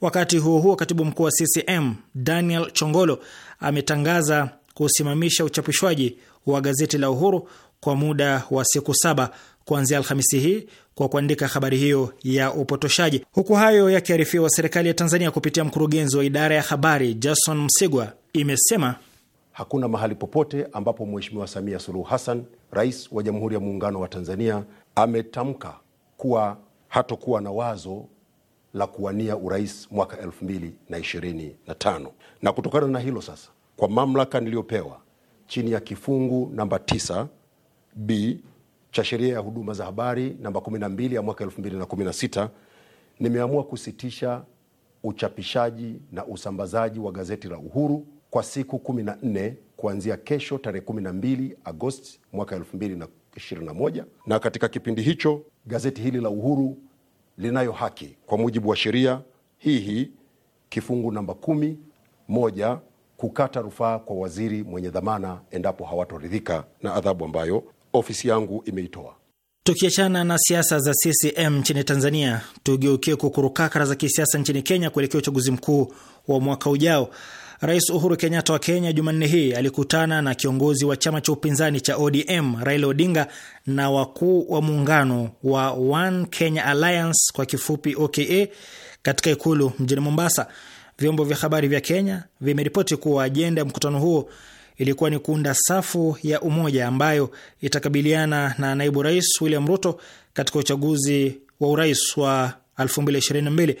Wakati huo huo, katibu mkuu wa CCM Daniel Chongolo ametangaza kusimamisha uchapishwaji wa gazeti la Uhuru kwa muda wa siku saba kuanzia Alhamisi hii kwa kuandika habari hiyo ya upotoshaji. Huku hayo yakiarifiwa, serikali ya Tanzania kupitia mkurugenzi wa idara ya habari Jason Msigwa imesema hakuna mahali popote ambapo Mheshimiwa Samia Suluhu Hassan, rais wa Jamhuri ya Muungano wa Tanzania, ametamka kuwa hatokuwa na wazo la kuwania urais mwaka 2025 na kutokana na hilo sasa, kwa mamlaka niliyopewa chini ya kifungu namba 9 b cha sheria ya huduma za habari namba 12 ya mwaka 2016 nimeamua kusitisha uchapishaji na usambazaji wa gazeti la Uhuru kwa siku 14 kuanzia kesho tarehe 12 Agosti mwaka 2021, na katika kipindi hicho gazeti hili la Uhuru linayo haki kwa mujibu wa sheria hii hii kifungu namba kumi moja kukata rufaa kwa waziri mwenye dhamana endapo hawatoridhika na adhabu ambayo ofisi yangu imeitoa. Tukiachana na siasa za CCM nchini Tanzania, tugeukie kukurukakara za kisiasa nchini Kenya kuelekea uchaguzi mkuu wa mwaka ujao. Rais Uhuru Kenyatta wa Kenya Jumanne hii alikutana na kiongozi wa chama cha upinzani cha ODM Raila Odinga na wakuu wa muungano wa One Kenya Alliance kwa kifupi OKA katika ikulu mjini Mombasa. Vyombo vya habari vya Kenya vimeripoti kuwa ajenda ya mkutano huo ilikuwa ni kuunda safu ya umoja ambayo itakabiliana na naibu rais William Ruto katika uchaguzi wa urais wa 2022.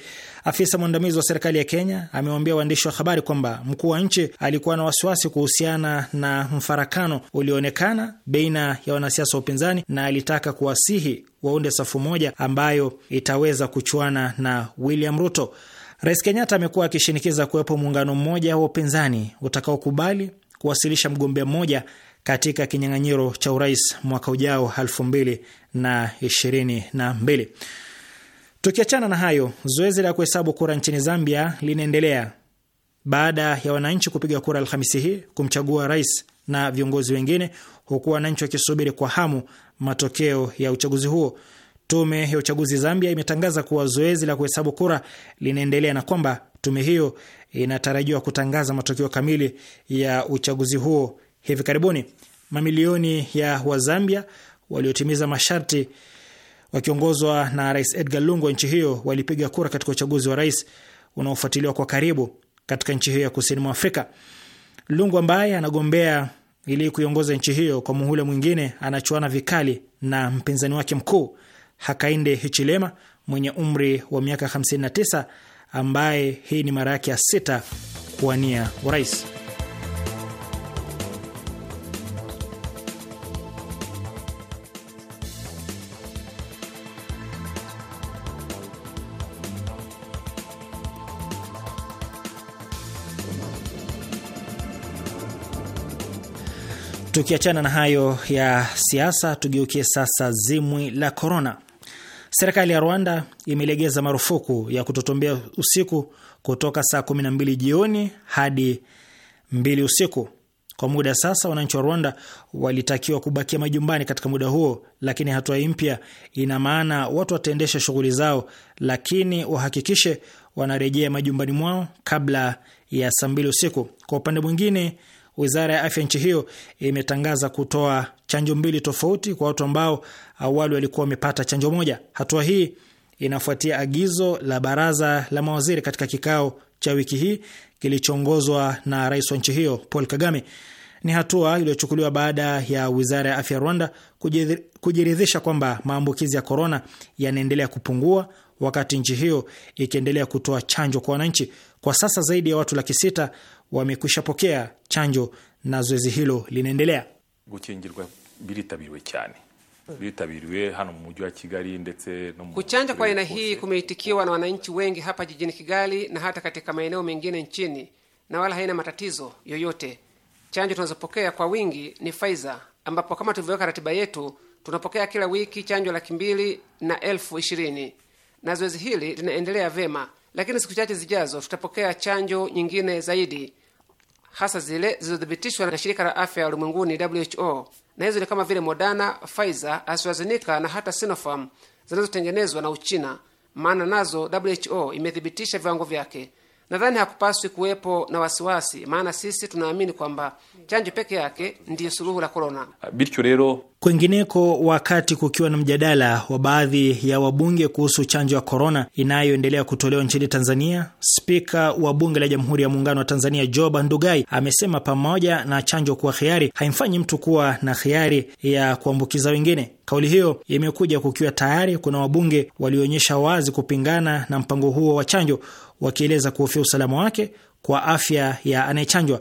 Afisa mwandamizi wa serikali ya Kenya amewaambia waandishi wa habari kwamba mkuu wa nchi alikuwa na wasiwasi kuhusiana na mfarakano ulioonekana baina ya wanasiasa wa upinzani na alitaka kuwasihi waunde safu moja ambayo itaweza kuchuana na William Ruto. Rais Kenyatta amekuwa akishinikiza kuwepo muungano mmoja wa upinzani utakaokubali kuwasilisha mgombea mmoja katika kinyang'anyiro cha urais mwaka ujao 2022. Tukiachana na hayo, zoezi la kuhesabu kura nchini Zambia linaendelea baada ya wananchi kupiga kura Alhamisi hii kumchagua rais na viongozi wengine, huku wananchi wakisubiri kwa hamu matokeo ya uchaguzi huo. Tume ya uchaguzi Zambia imetangaza kuwa zoezi la kuhesabu kura linaendelea na kwamba tume hiyo inatarajiwa kutangaza matokeo kamili ya uchaguzi huo hivi karibuni. Mamilioni ya Wazambia waliotimiza masharti wakiongozwa na Rais Edgar Lungu wa nchi hiyo walipiga kura katika uchaguzi wa rais unaofuatiliwa kwa karibu katika nchi hiyo ya kusini mwa Afrika. Lungu ambaye anagombea ili kuiongoza nchi hiyo kwa muhula mwingine, anachuana vikali na mpinzani wake mkuu Hakainde Hichilema mwenye umri wa miaka 59 ambaye hii ni mara yake ya sita kuwania urais. Tukiachana na hayo ya siasa, tugeukie sasa zimwi la korona. Serikali ya Rwanda imelegeza marufuku ya kutotembea usiku kutoka saa 12 jioni hadi 2 usiku. Kwa muda sasa, wananchi wa Rwanda walitakiwa kubakia majumbani katika muda huo, lakini hatua hii mpya ina maana watu wataendesha shughuli zao, lakini wahakikishe wanarejea majumbani mwao kabla ya saa mbili usiku. Kwa upande mwingine Wizara ya afya nchi hiyo imetangaza kutoa chanjo mbili tofauti kwa watu ambao awali walikuwa wamepata chanjo moja. Hatua hii inafuatia agizo la baraza la mawaziri katika kikao cha wiki hii kilichoongozwa na rais wa nchi hiyo Paul Kagame. Ni hatua iliyochukuliwa baada ya wizara ya afya Rwanda kujiridhisha kwamba maambukizi ya korona yanaendelea kupungua, wakati nchi hiyo ikiendelea kutoa chanjo kwa wananchi. Kwa sasa zaidi ya watu laki sita wamekwisha pokea chanjo na zoezi hilo linaendelea. cyane bitabiriwe hano mu mujyi wa Kigali ndetse no mu kuchanja kwa aina hii kumeitikiwa na wananchi wengi hapa jijini Kigali na hata katika maeneo mengine nchini na wala haina matatizo yoyote. Chanjo tunazopokea kwa wingi ni Pfizer ambapo kama tulivyoweka ratiba yetu tunapokea kila wiki chanjo laki mbili na elfu ishirini na zoezi hili linaendelea vema, lakini siku chache zijazo tutapokea chanjo nyingine zaidi, hasa zile zilizothibitishwa na shirika la afya ulimwenguni WHO na hizo ni kama vile Moderna, Pfizer, AstraZeneca na hata Sinopharm zinazotengenezwa na Uchina, maana nazo WHO imethibitisha viwango vyake. Nadhani hakupaswi kuwepo na wasiwasi, maana sisi tunaamini kwamba chanjo peke yake ndiyo suluhu la korona. Bityo rero Kwingineko, wakati kukiwa na mjadala wa baadhi ya wabunge kuhusu chanjo ya korona inayoendelea kutolewa nchini Tanzania, spika wa bunge la Jamhuri ya Muungano wa Tanzania joba Ndugai amesema pamoja na chanjo kuwa hiari, haimfanyi mtu kuwa na hiari ya kuambukiza wengine. Kauli hiyo imekuja kukiwa tayari kuna wabunge walioonyesha wazi kupingana na mpango huo wa chanjo, wakieleza kuhofia usalama wake kwa afya ya anayechanjwa.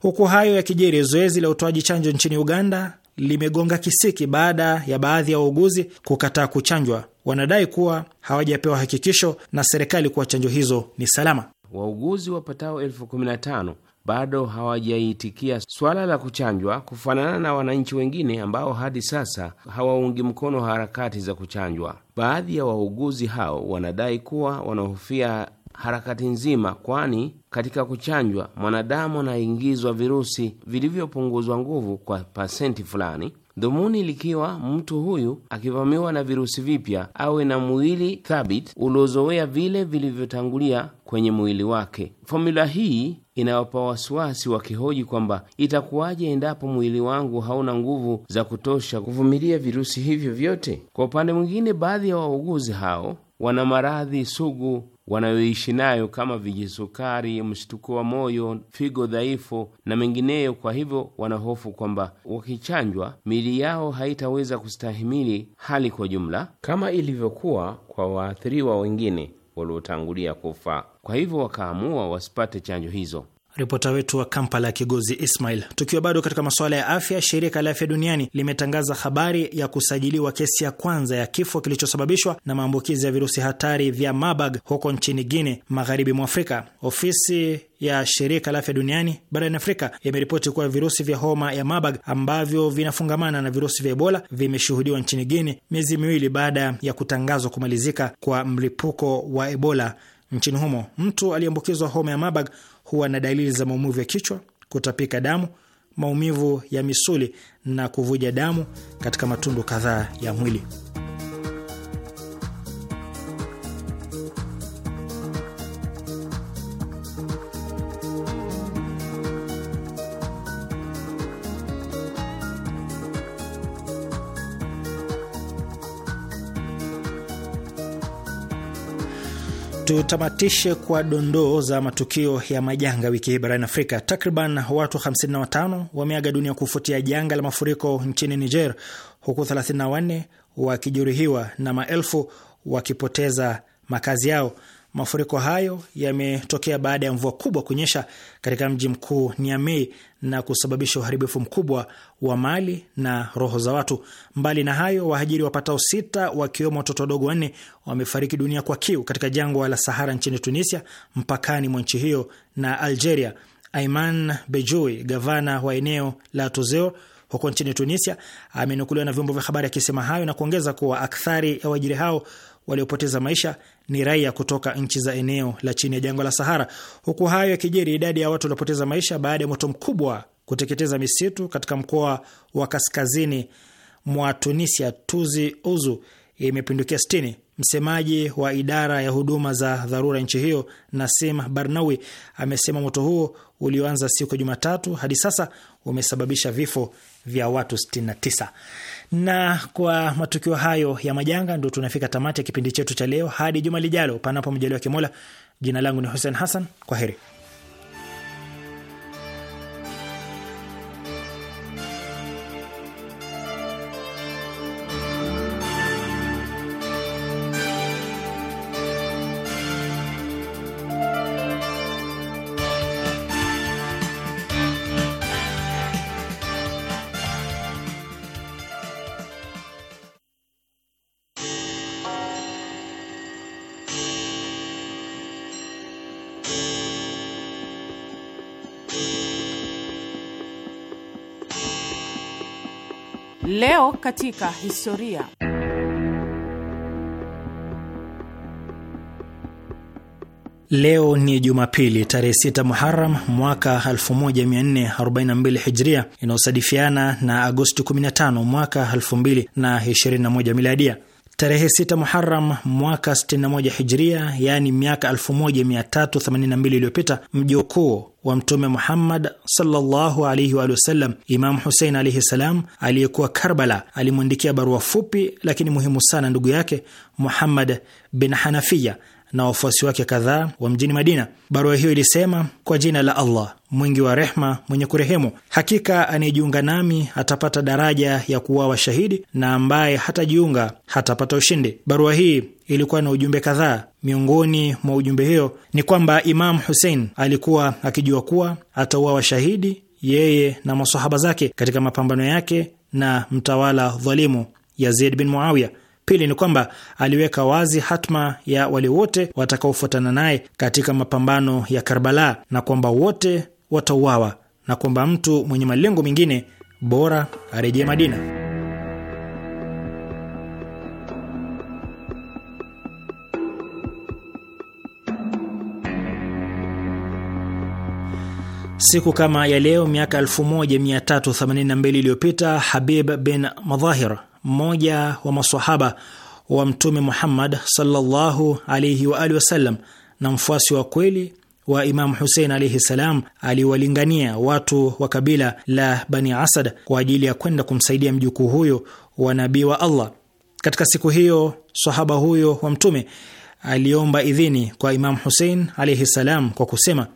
Huku hayo yakijiri, zoezi la utoaji chanjo nchini Uganda limegonga kisiki baada ya baadhi ya wauguzi kukataa kuchanjwa. Wanadai kuwa hawajapewa hakikisho na serikali kuwa chanjo hizo ni salama. Wauguzi wapatao elfu kumi na tano bado hawajaitikia swala la kuchanjwa, kufanana na wananchi wengine ambao hadi sasa hawaungi mkono harakati za kuchanjwa. Baadhi ya wauguzi hao wanadai kuwa wanahofia harakati nzima, kwani katika kuchanjwa mwanadamu anaingizwa virusi vilivyopunguzwa nguvu kwa pasenti fulani, dhumuni likiwa mtu huyu akivamiwa na virusi vipya awe na mwili thabiti uliozoea vile vilivyotangulia kwenye mwili wake. Fomula hii inawapa wasiwasi wakihoji kwamba itakuwaje endapo mwili wangu hauna nguvu za kutosha kuvumilia virusi hivyo vyote. Kwa upande mwingine, baadhi ya wauguzi hao wana maradhi sugu wanayoishi nayo kama vijisukari, mshtuko wa moyo, figo dhaifu na mengineyo. Kwa hivyo wanahofu kwamba wakichanjwa miili yao haitaweza kustahimili hali kwa jumla kama ilivyokuwa kwa waathiriwa wengine waliotangulia kufa. Kwa hivyo wakaamua wasipate chanjo hizo ripota wetu wa Kampala ya Kigozi Ismail. Tukiwa bado katika masuala ya afya, shirika la afya duniani limetangaza habari ya kusajiliwa kesi ya kwanza ya kifo kilichosababishwa na maambukizi ya virusi hatari vya Marburg huko nchini guine magharibi mwa Afrika. Ofisi ya shirika la afya duniani barani Afrika yameripoti kuwa virusi vya homa ya Marburg ambavyo vinafungamana na virusi vya Ebola vimeshuhudiwa nchini guine miezi miwili baada ya kutangazwa kumalizika kwa mlipuko wa Ebola nchini humo. Mtu aliyeambukizwa homa ya Marburg huwa na dalili za maumivu ya kichwa, kutapika damu, maumivu ya misuli na kuvuja damu katika matundu kadhaa ya mwili. Tutamatishe kwa dondoo za matukio ya majanga wiki hii barani Afrika. Takriban watu 55 wameaga dunia kufuatia janga la mafuriko nchini Niger, huku 34 wakijeruhiwa na maelfu wakipoteza makazi yao. Mafuriko hayo yametokea baada ya mvua kubwa kunyesha katika mji mkuu Niamey na kusababisha uharibifu mkubwa wa mali na roho za watu. Mbali na hayo, wahajiri wapatao sita wakiwemo watoto wadogo wanne wamefariki dunia kwa kiu katika jangwa la Sahara nchini Tunisia, mpakani mwa nchi hiyo na Algeria. Aiman Bejoui, gavana wa eneo la Tozeo huko nchini Tunisia, amenukuliwa na vyombo vya habari akisema hayo na kuongeza kuwa akthari ya waajiri hao waliopoteza maisha ni raia kutoka nchi za eneo la chini ya jangwa la Sahara. Huku hayo yakijiri, idadi ya watu waliopoteza maisha baada ya moto mkubwa kuteketeza misitu katika mkoa wa kaskazini mwa Tunisia, Tuzi Uzu, imepindukia 60. Msemaji wa idara ya huduma za dharura nchi hiyo Nasim Barnawi amesema moto huo ulioanza siku ya Jumatatu hadi sasa umesababisha vifo vya watu 69. Na kwa matukio hayo ya majanga, ndio tunafika tamati ya kipindi chetu cha leo. Hadi juma lijalo, panapo mjaliwa Kimola. Jina langu ni Hussein Hassan, kwa heri. Leo katika historia. Leo ni Jumapili tarehe 6 Muharam mwaka 1442 Hijria, inayosadifiana na Agosti 15 mwaka 2021 Miladia. Tarehe 6 Muharam mwaka 61 Hijria, yaani miaka 1382 iliyopita, mjukuu wa Mtume Muhammad sallallahu alaihi wa sallam, Imamu Husein alaihi salam, aliyekuwa Karbala, alimwandikia barua fupi lakini muhimu sana ndugu yake Muhammad bin Hanafiya na wafuasi wake kadhaa wa mjini Madina. Barua hiyo ilisema: kwa jina la Allah mwingi wa rehma, mwenye kurehemu, hakika anayejiunga nami atapata daraja ya kuuawa shahidi, na ambaye hatajiunga hatapata ushindi. Barua hii ilikuwa na ujumbe kadhaa. Miongoni mwa ujumbe hiyo ni kwamba Imam Husein alikuwa akijua kuwa atauawa shahidi, yeye na masahaba zake, katika mapambano yake na mtawala dhalimu Yazid bin Muawiya. Pili ni kwamba aliweka wazi hatma ya wale wote watakaofuatana naye katika mapambano ya Karbala na kwamba wote watauawa na kwamba mtu mwenye malengo mengine bora arejee Madina. Siku kama ya leo miaka 1382 iliyopita Habib bin Madhahir mmoja wa masahaba wa Mtume Muhammad sallallahu alaihi wa alihi wasallam na mfuasi wa kweli wa Imamu Husein alaihi salam aliwalingania watu wa kabila la Bani Asad kwa ajili ya kwenda kumsaidia mjukuu huyo wa nabii wa Allah. Katika siku hiyo sahaba huyo wa Mtume aliomba idhini kwa Imamu Husein alaihi salam kwa kusema: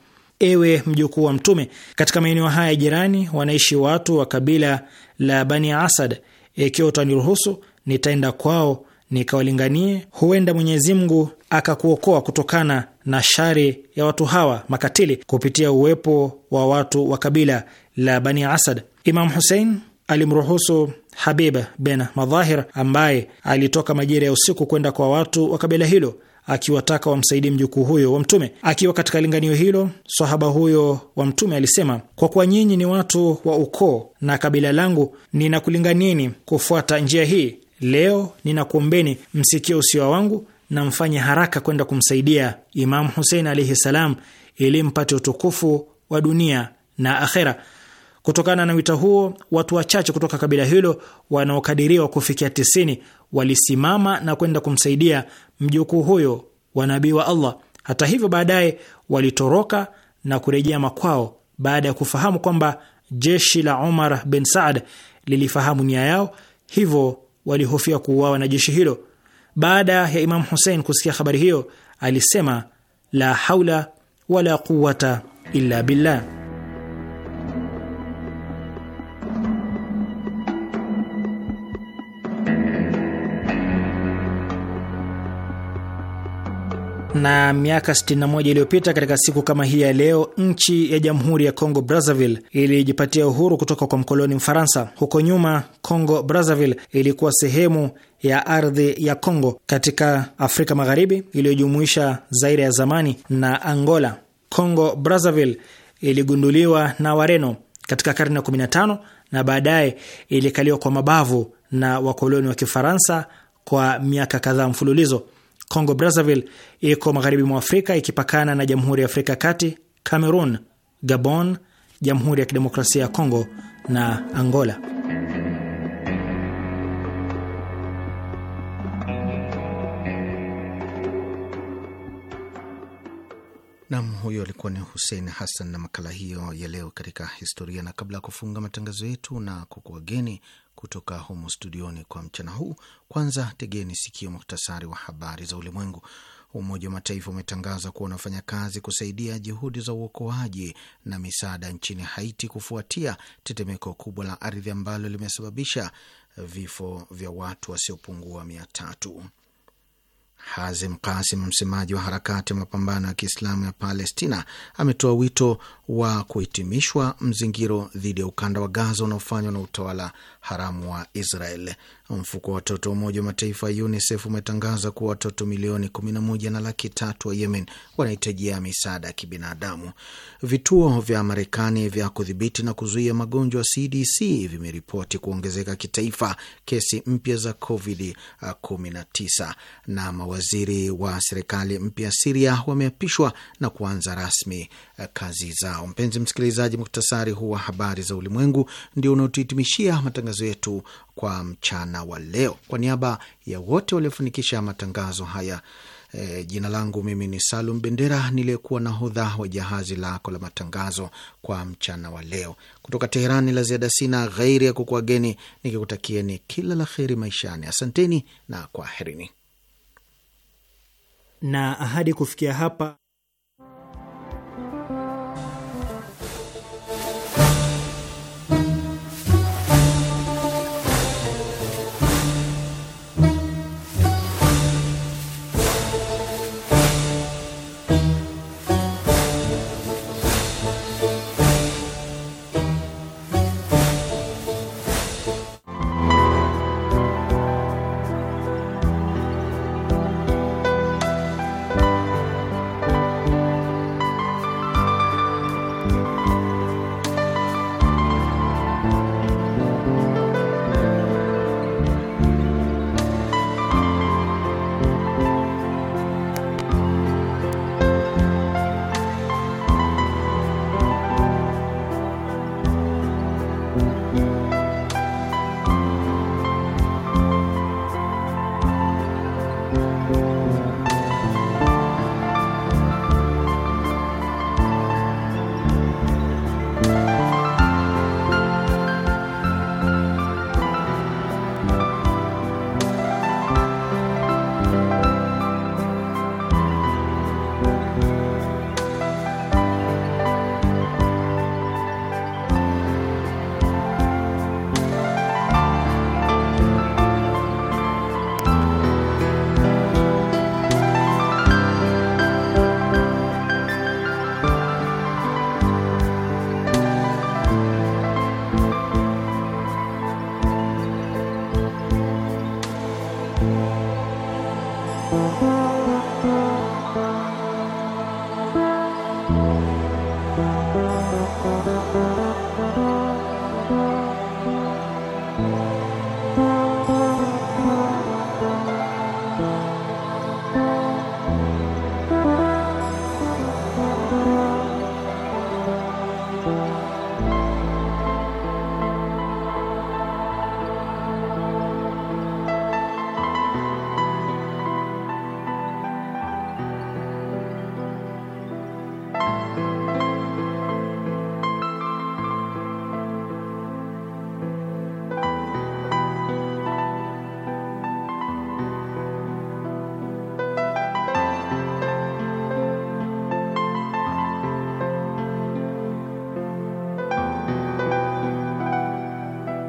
ewe mjukuu wa Mtume, katika maeneo haya jirani wanaishi watu wa kabila la Bani Asad ikiwa utaniruhusu, nitaenda kwao nikawalinganie, huenda Mwenyezi Mungu akakuokoa kutokana na shari ya watu hawa makatili kupitia uwepo wa watu wa kabila la Bani Asad. Imam husein alimruhusu Habib bin Madhahir ambaye alitoka majira ya usiku kwenda kwa watu wa kabila hilo akiwataka wamsaidie mjukuu huyo wa Mtume. Akiwa katika linganio hilo, sahaba huyo wa Mtume alisema, kwa kuwa nyinyi ni watu wa ukoo na kabila langu, ninakulinganieni kufuata njia hii. Leo ninakuombeni msikie usia wangu na mfanye haraka kwenda kumsaidia Imamu Husein alaihi salam, ili mpate utukufu wa dunia na akhera. Kutokana na wito huo, watu wachache kutoka kabila hilo wanaokadiriwa kufikia tisini walisimama na kwenda kumsaidia mjukuu huyo wa nabii wa Allah. Hata hivyo, baadaye walitoroka na kurejea makwao baada ya kufahamu kwamba jeshi la Omar bin Saad lilifahamu nia yao, hivyo walihofia kuuawa na jeshi hilo. Baada ya Imam Husein kusikia habari hiyo, alisema la haula wala quwata illa billah. na miaka 61 iliyopita katika siku kama hii ya leo, nchi ya Jamhuri ya Congo Brazzaville ilijipatia uhuru kutoka kwa mkoloni Mfaransa. Huko nyuma, Congo Brazzaville ilikuwa sehemu ya ardhi ya Congo katika Afrika Magharibi iliyojumuisha Zaire ya zamani na Angola. Congo Brazzaville iligunduliwa na Wareno katika karne ya 15 na baadaye ilikaliwa kwa mabavu na wakoloni wa Kifaransa kwa miaka kadhaa mfululizo. Congo Brazzaville iko magharibi mwa Afrika ikipakana na Jamhuri ya Afrika ya Kati, Cameroon, Gabon, Jamhuri ya Kidemokrasia ya Kongo na Angola. Nam, huyo alikuwa ni Husein Hassan na makala hiyo ya leo katika historia. Na kabla ya kufunga matangazo yetu na kukuageni kutoka humo studioni kwa mchana huu. Kwanza tegeni sikio, muhtasari wa habari za ulimwengu. Umoja wa Mataifa umetangaza kuwa unafanya kazi kusaidia juhudi za uokoaji na misaada nchini Haiti kufuatia tetemeko kubwa la ardhi ambalo limesababisha vifo vya watu wasiopungua mia tatu. Hazim Kasim, msemaji wa harakati ya mapambano ya Kiislamu ya Palestina, ametoa wito wa kuhitimishwa mzingiro dhidi ya ukanda wa Gaza unaofanywa na utawala haramu wa Israel. Mfuko wa watoto wa Umoja wa Mataifa UNICEF umetangaza kuwa watoto milioni 11 na na laki tatu wa Yemen wanahitajia misaada ya kibinadamu. Vituo vya Marekani vya kudhibiti na kuzuia magonjwa CDC vimeripoti kuongezeka kitaifa kesi mpya za COVID 19 na mawaziri wa serikali mpya Siria wameapishwa na kuanza rasmi eh, kazi zao. Mpenzi msikilizaji, muktasari huu wa habari za ulimwengu ndio unaotuhitimishia matangazo yetu kwa mchana wa leo. Kwa niaba ya wote waliofanikisha matangazo haya E, jina langu mimi ni Salum Bendera niliyekuwa nahodha wa jahazi lako la matangazo kwa mchana wa leo kutoka Teherani. La ziada sina ghairi ya kukuageni nikikutakieni kila la kheri maishani. Asanteni na kwaherini na ahadi kufikia hapa